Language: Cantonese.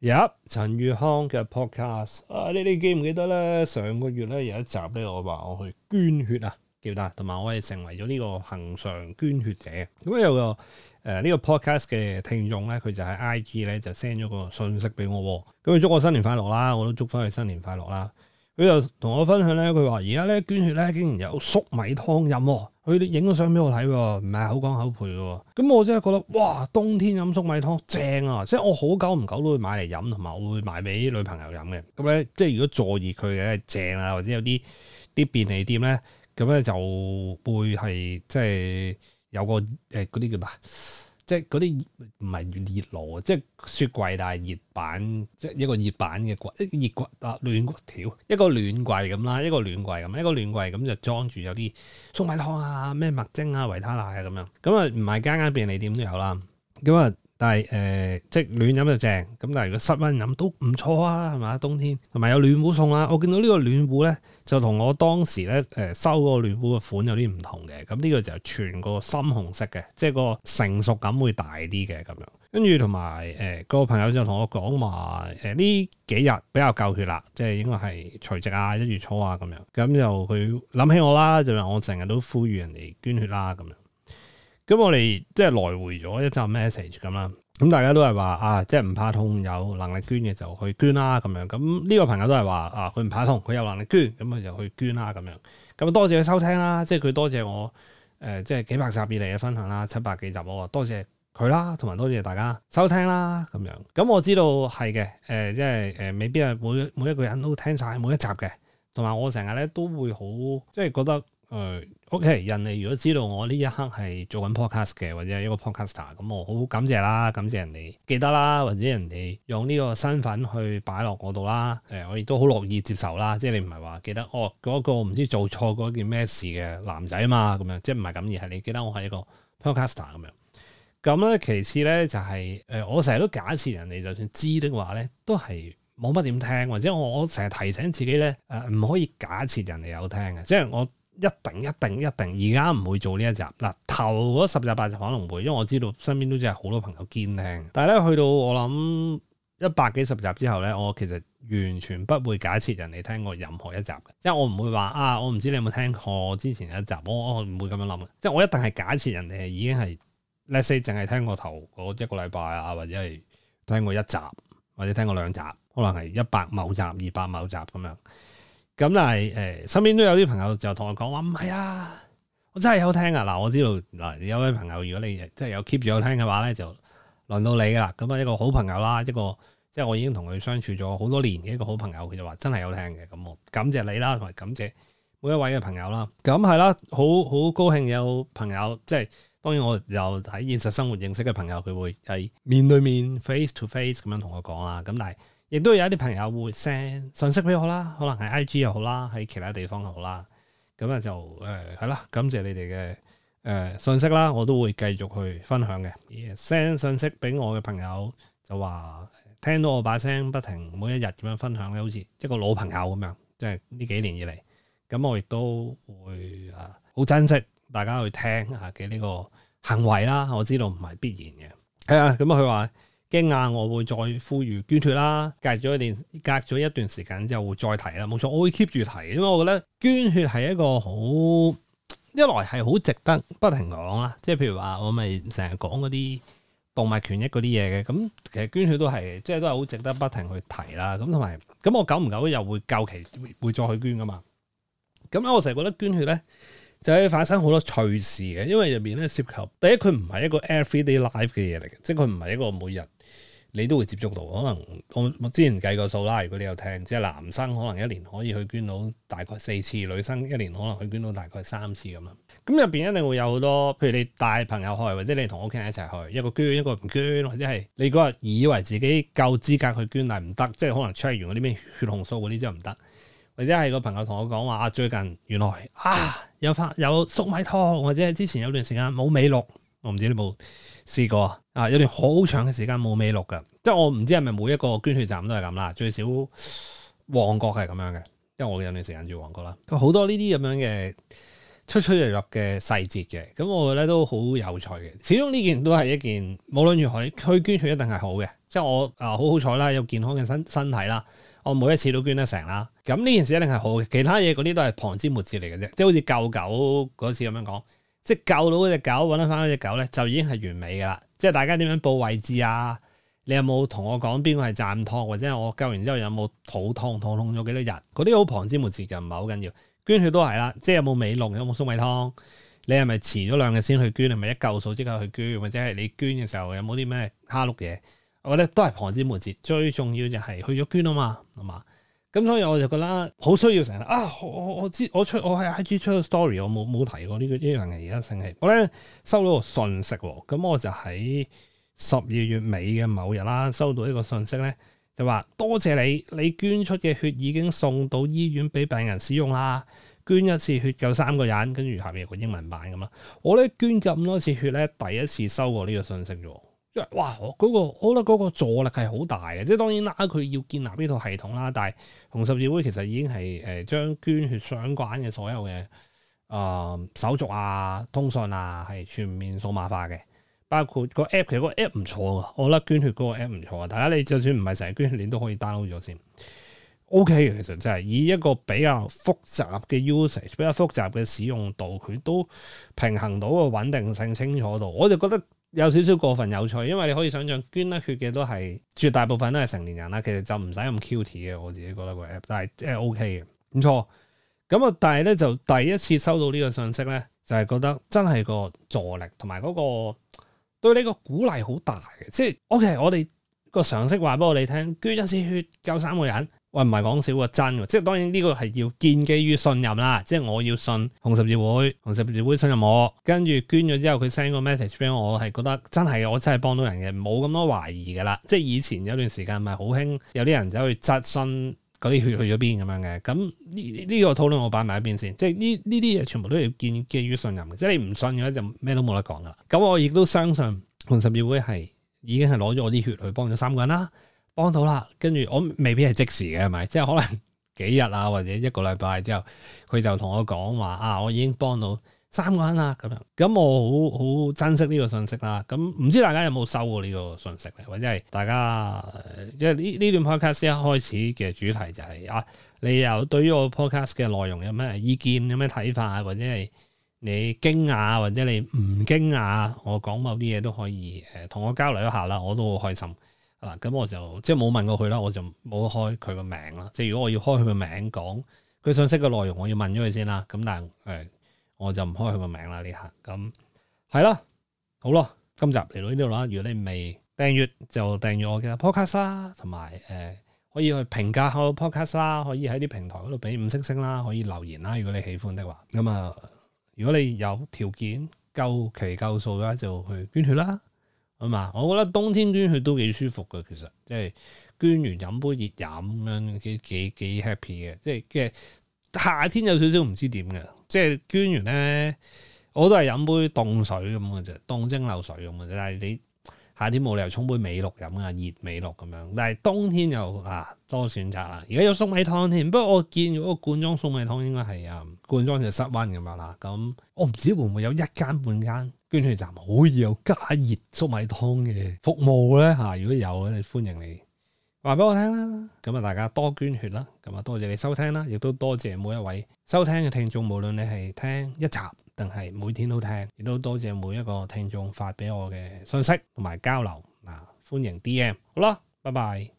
Yep 陳宇康嘅 podcast 啊，你哋記唔記得咧？上個月咧有一集咧，我話我去捐血啊，記得，同埋我係成為咗呢個恒常捐血者。咁啊有個誒、呃這個、呢個 podcast 嘅聽眾咧，佢就喺 IG 咧就 send 咗個信息俾我。咁佢祝我新年快樂啦，我都祝翻佢新年快樂啦。佢就同我分享咧，佢話而家咧捐血咧，竟然有粟米湯飲、啊。佢哋影咗相俾我睇喎，唔係口講口配嘅喎，咁我真係覺得哇，冬天飲粟米湯正啊！即係我好久唔久都會買嚟飲，同埋我會買俾女朋友飲嘅。咁咧，即係如果助熱佢嘅正啊，或者有啲啲便利店咧，咁咧就會係即係有個誒嗰啲叫咩？即係嗰啲唔係熱爐啊，即係雪櫃，但係熱板，即係一個熱板嘅櫃，一熱骨，啊暖條一個暖櫃咁啦，一個暖櫃咁，一個暖櫃咁就裝住有啲粟米湯啊、咩麥精啊、維他奶啊咁樣咁啊，唔係間間便利店都有啦。咁啊，但係誒、呃，即係暖飲就正咁，但係如果室溫飲都唔錯啊，係嘛？冬天同埋有，有暖壺送啊，我見到呢個暖壺咧。就同我當時咧誒收嗰個暖壺嘅款有啲唔同嘅，咁呢個就係全個深紅色嘅，即係個成熟感會大啲嘅咁樣。跟住同埋誒個朋友就同我講話誒呢幾日比較夠血啦，即係應該係除夕啊一月初啊咁樣。咁就佢諗起我啦，就話我成日都呼籲人哋捐血啦咁樣。咁我哋即係來回咗一集 message 咁啦，咁大家都係話啊，即係唔怕痛，有能力捐嘅就去捐啦，咁樣。咁呢個朋友都係話啊，佢唔怕痛，佢有能力捐，咁佢就去捐啦，咁樣。咁多謝收聽啦，即係佢多謝我誒、呃，即係幾百集以嚟嘅分享啦，七百幾集我多謝佢啦，同埋多謝大家收聽啦，咁樣。咁我知道係嘅，誒、呃，即係誒，未必係每每一個人都聽晒每一集嘅，同埋我成日咧都會好，即係覺得。誒、嗯，OK，人哋如果知道我呢一刻係做緊 podcast 嘅，或者係一個 podcaster，咁我好感謝啦，感謝人哋記得啦，或者人哋用呢個身份去擺落我度啦。誒、呃，我亦都好樂意接受啦。即係你唔係話記得哦，嗰個唔知做錯嗰件咩事嘅男仔啊嘛，咁樣即係唔係咁，而係你記得我係一個 podcaster 咁樣。咁咧，其次咧就係誒、呃，我成日都假設人哋就算知的話咧，都係冇乜點聽，或者我我成日提醒自己咧，誒、呃，唔可以假設人哋有聽嘅，即係我。一定一定一定，而家唔會做呢一集。嗱，頭嗰十集八集可能會，因為我知道身邊都真係好多朋友堅聽。但係咧，去到我諗一百幾十集之後咧，我其實完全不會假設人哋聽過任何一集嘅，即係我唔會話啊，我唔知你有冇聽過之前一集，我唔會咁樣諗嘅。即係我一定係假設人哋係已經係 Let's say，淨係聽過頭嗰一個禮拜啊，或者係聽過一集，或者聽過兩集，可能係一百某集、二百某集咁樣。咁但係，誒、欸，身邊都有啲朋友就同我講話，唔係啊，我真係有聽啊。嗱，我知道，嗱，有位朋友，如果你即係有 keep 住有聽嘅話咧，就輪到你噶啦。咁、嗯、啊，一個好朋友啦，一個即係我已經同佢相處咗好多年嘅一個好朋友，佢就話真係有聽嘅。咁、嗯、我感謝你啦，同埋感謝每一位嘅朋友啦。咁係啦，好、嗯、好、嗯、高興有朋友，即係當然我又喺現實生活認識嘅朋友，佢會喺面對面 face to face 咁樣同我講啦。咁、嗯、但係。亦都有一啲朋友會 send 信息俾我啦，可能係 IG 又好啦，喺其他地方又好啦，咁啊就誒係啦，感謝你哋嘅誒信息啦，我都會繼續去分享嘅。send 信息俾我嘅朋友就話聽到我把聲不停，每一日咁樣分享咧，好似一個老朋友咁樣，即係呢幾年以嚟，咁我亦都會啊好、呃、珍惜大家去聽下嘅呢個行為啦。我知道唔係必然嘅，係啊、嗯，咁啊佢話。嘅啊，我會再呼籲捐血啦，隔咗一段隔咗一段時間之後會再提啦，冇錯，我會 keep 住提，因為我覺得捐血係一個好一來係好值得不停講啦，即係譬如話我咪成日講嗰啲動物權益嗰啲嘢嘅，咁其實捐血都係，即係都係好值得不停去提啦，咁同埋咁我久唔久又會夠期會再去捐㗎嘛，咁我成日覺得捐血咧。就係發生好多趣事嘅，因為入面咧涉及第一，佢唔係一個 everyday life 嘅嘢嚟嘅，即係佢唔係一個每日你都會接觸到。可能我我之前計過數啦，如果你有聽，即係男生可能一年可以去捐到大概四次，女生一年可能去捐到大概三次咁樣。咁入邊一定會有好多，譬如你帶朋友去，或者你同屋企人一齊去，一個捐一個唔捐，或者係你嗰日以為自己夠資格去捐但唔得，即係可能 check 完嗰啲咩血紅素嗰啲就唔得。或者係個朋友同我講話，啊，最近原來啊有發有粟米湯，或者係之前有段時間冇美祿，我唔知你冇試過啊？啊有段好長嘅時間冇美祿嘅，即係我唔知係咪每一個捐血站都係咁啦。最少旺角係咁樣嘅，因為我有段時間住旺角啦。佢好多呢啲咁樣嘅出出入入嘅細節嘅，咁我覺得都好有趣嘅。始終呢件都係一件無論如何去捐血一定係好嘅。即係我啊好好彩啦，有健康嘅身身體啦，我每一次都捐得成啦。咁呢件事一定係好嘅，其他嘢嗰啲都係旁枝末節嚟嘅啫。即係好似救狗嗰次咁樣講，即係救到嗰隻狗，搵得翻嗰隻狗咧，就已經係完美噶啦。即係大家點樣報位置啊？你有冇同我講邊個係暫託，或者我救完之後有冇肚痛，痛痛咗幾多日？嗰啲好旁枝末節嘅，唔係好緊要。捐血都係啦，即係有冇美祿，有冇粟米湯？你係咪遲咗兩日先去捐？係咪一舊數即刻去捐？或者係你捐嘅時候有冇啲咩蝦碌嘢？我覺得都係旁枝末節，最重要就係去咗捐啊嘛，係嘛。咁所以我就覺得好需要成日啊！我我知我，我出我喺 IG 出 story，我冇冇提過，這個這個、呢個呢樣嘢而家先係我咧收到個信息喎，咁我就喺十二月尾嘅某日啦，收到呢個信息咧就話多謝你，你捐出嘅血已經送到醫院俾病人使用啦。捐一次血夠三個人，跟住下面有個英文版咁啦。我咧捐咁多次血咧，第一次收過呢個信息喎。哇！嗰個我覺得嗰個助力係好大嘅，即係當然啦，佢要建立呢套系統啦。但係紅十字會其實已經係誒、呃、將捐血相關嘅所有嘅誒、呃、手續啊、通訊啊係全面數碼化嘅，包括個 app 其實個 app 唔錯嘅，我覺得捐血嗰個 app 唔錯嘅。大家你就算唔係成日捐血，你都可以 download 咗先。O、okay, K，其實真係以一個比較複雜嘅 usage，比較複雜嘅使用度，佢都平衡到個穩定性清楚度。我就覺得。有少少過分有趣，因為你可以想像捐得血嘅都係絕大部分都係成年人啦，其實就唔使咁 cutie 嘅，我自己覺得個 app，但係即係 OK 嘅，唔錯。咁啊，但係咧就第一次收到呢個信息咧，就係覺得真係個助力同埋嗰個對你個鼓勵好大嘅，即係 OK。我哋個常識話俾我哋聽，捐一次血救三個人。喂，唔係講笑啊，真嘅，即係當然呢個係要建基於信任啦。即係我要信紅十字會，紅十字會信任我，跟住捐咗之後，佢 send 個 message 俾我，係覺得真係我真係幫到人嘅，冇咁多懷疑噶啦。即係以前有段時間咪好興，有啲人走去質詢嗰啲血去咗邊咁樣嘅。咁呢呢個討論我擺埋一邊先。即係呢呢啲嘢全部都要建基於信任嘅。即係你唔信嘅話，就咩都冇得講噶啦。咁我亦都相信紅十字會係已經係攞咗我啲血去幫咗三個人啦。幫到啦，跟住我未必係即時嘅，係咪？即係可能幾日啊，或者一個禮拜之後，佢就同我講話啊，我已經幫到三個人啦咁樣。咁我好好珍惜呢個信息啦。咁唔知大家有冇收過呢個信息咧？或者係大家、呃、即係呢呢段 podcast 一開始嘅主題就係啊，你又對於我 podcast 嘅內容有咩意見、有咩睇法，或者係你驚訝或者你唔驚訝，我講某啲嘢都可以誒，同我交流一下啦，我都好開心。嗱，咁、嗯、我就即係冇問過佢啦，我就冇開佢個名啦。即係如果我要開佢個名講佢信息嘅內容，我要問咗佢先啦。咁但係，誒、哎，我就唔開佢個名啦呢下。咁係啦，好咯，今集嚟到呢度啦。如果你未訂閱，就訂閱我嘅 podcast 啦，同埋誒，可以去評價我 podcast 啦，可以喺啲平台嗰度俾五星星啦，可以留言啦。如果你喜歡的話，咁啊麼，如果你有條件夠期夠數嘅話，就去捐血啦。啊嘛，我覺得冬天捐血都幾舒服嘅，其實即係捐完飲杯熱飲咁樣幾幾幾 happy 嘅，即係嘅夏天有少少唔知點嘅，即係捐完咧我都係飲杯凍水咁嘅啫，凍蒸餾水咁嘅啫，但係你。夏天冇理由沖杯美綠飲啊，熱美綠咁樣。但係冬天又啊多選擇啦。而家有粟米湯添，不過我見如果罐裝粟米湯應該係啊罐裝就室溫咁樣啦。咁、啊嗯、我唔知會唔會有一間半間捐血站可以有加熱粟米湯嘅服務咧嚇、啊。如果有咧，歡迎你。話畀我聽啦，咁啊大家多捐血啦，咁啊多謝你收聽啦，亦都多謝每一位收聽嘅聽眾，無論你係聽一集定係每天都聽，亦都多謝每一個聽眾發俾我嘅信息同埋交流，嗱歡迎 DM，好啦，拜拜。